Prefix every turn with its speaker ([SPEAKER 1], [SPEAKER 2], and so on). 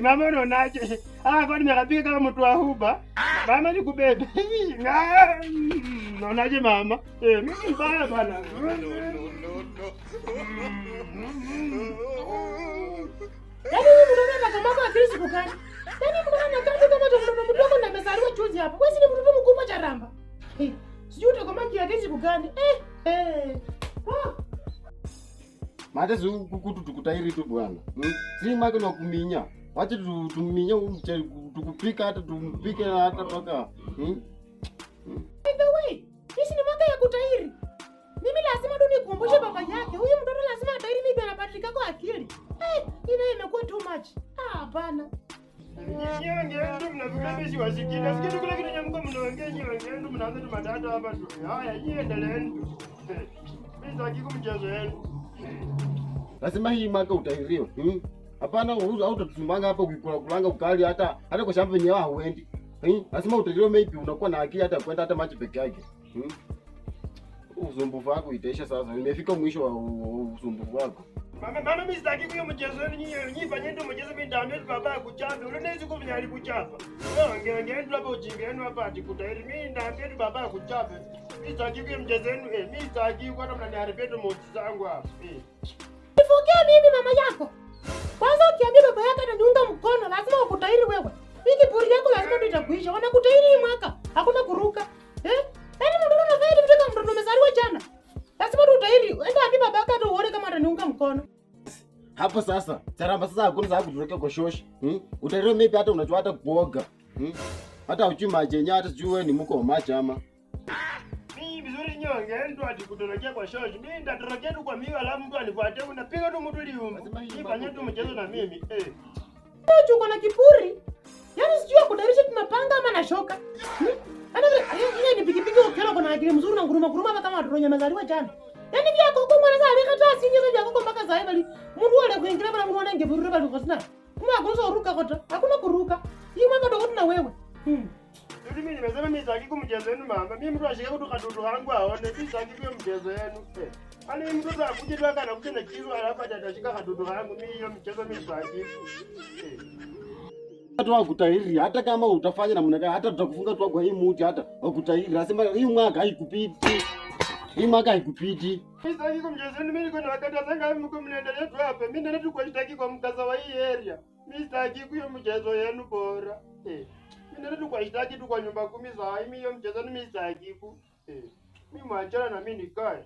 [SPEAKER 1] Mama unaonaje? Ah, kwani nimekapika kama mtu wa huba. Mama nikubebe. Unaonaje mama? Eh, mimi mbaya bwana. Yaani mimi
[SPEAKER 2] mtoto na kama kwa Kristo kukani. Yaani mtoto na kama kama mtoto mdogo na amezaliwa juzi hapo. Wewe si mtoto mkubwa cha ramba. Sijui utakomaji ya Kristo Eh
[SPEAKER 3] matezi kukutu tukutairi tu bwana simake nakuminya wache tuminya umche tukupika hata tumpike hata paka hmm?
[SPEAKER 2] By mm. the way, hizi ni mambo ya kutairi. Mimi lazima tu nikumbushe baba yake. Huyu mtoto lazima atairi mimi anabadilika kwa akili. Eh, ile imekuwa too much. Ah, hapana.
[SPEAKER 1] Mnafikiri kile kitu cha mko mnaongea nyinyi, mnaanza tu matata hapa tu. Haya, endeleni. Nasema hii maka utahiriwa. Hmm? Hapana, au utatusumbanga hapa ukikula kulanga ukali hata hata kwa shamba yenyewe hauendi. Hmm? Nasema utahiriwa, maybe unakuwa na akili hata kwenda hata maji peke yake. Hmm? Usumbufu wako itaisha sasa. Nimefika mwisho wa usumbufu wako. Mama mama, mimi sitaki kuyo mchezo ni nyinyi fanyeni ndio mchezo mimi ndio ndio baba akuchape. Ule nezi kwa mnyali kuchapa. Wewe ongea ndio hapo ujinga ndio hapa atikutairi. Mimi ndio baba akuchape. Eh, eh. Nifukie mimi mama yako. Kwanza ukiambia baba yako mkono, lazima ukutahiri wewe. Hii kiburi yako lazima ndio itakuisha. Wanakutahiri hii mwaka. Hakuna kuruka. Eh? Yaani mtoto anafanya hivi mtoto amezaliwa jana. Lazima utahiri. Enda hadi baba yako ndio uone kama mkono. Hapo sasa. Taramba sasa hakuna sababu kuturuka kwa shosh. Hmm? Utahiri mimi hata unajua hata kuoga. Hmm? Hata uchima hata sijui ni mko wa machama nyinyi vizuri, nyinyi yaani wangeenda alikutorokea kwa shoji, mimi ndatorokea tu kwa mimi, alafu mtu anifuate, unapiga tu mtu liumbu, nifanye tu mchezo na mimi eh, uko na kipuri? yaani, sijui kudarisha tunapanga ama na shoka hmm? ana ile eh, ni pikipiki, ukiona kuna akili mzuri na nguruma nguruma kama watoto wenye mazaliwa jana, yaani vya koko mwana zali kata sinyo vya koko mpaka sasa hivi mtu wale kuingia bana mwana ngeburura bali kwa sina, kuma kuruka kota, hakuna kuruka hii mwaka ndio na wewe hmm. Ati mimi nimesema mimi sitaki kumchezo wenu mama. Mimi mtu ashike kutoka kadudu wangu aone mimi sitaki hiyo mchezo wenu. Eh. Ani mimi mtu anakuja tu aka anakuja na kitu alafu atashika kadudu wangu mimi hiyo mchezo mimi sitaki. Eh. Hata wakutahiri hata kama utafanya namna gani hata tutakufunga tu kwa hii muti hata wakutahiri. Nasema hii mwaka haikupiti. Hii mwaka haikupiti. Mimi sitaki kumchezo wenu mimi kuna wakati atanga mko mnaendelea tu hapa. Mimi ndio tu kwa sitaki kwa mkaza wa hii area. Mimi sitaki hiyo mchezo yenu bora. Eh. Nini tukwahitaji tu nyumba kumi za hiyo mchezoni mimi sitajibu. Mimi eh, mwachana na mimi nikae.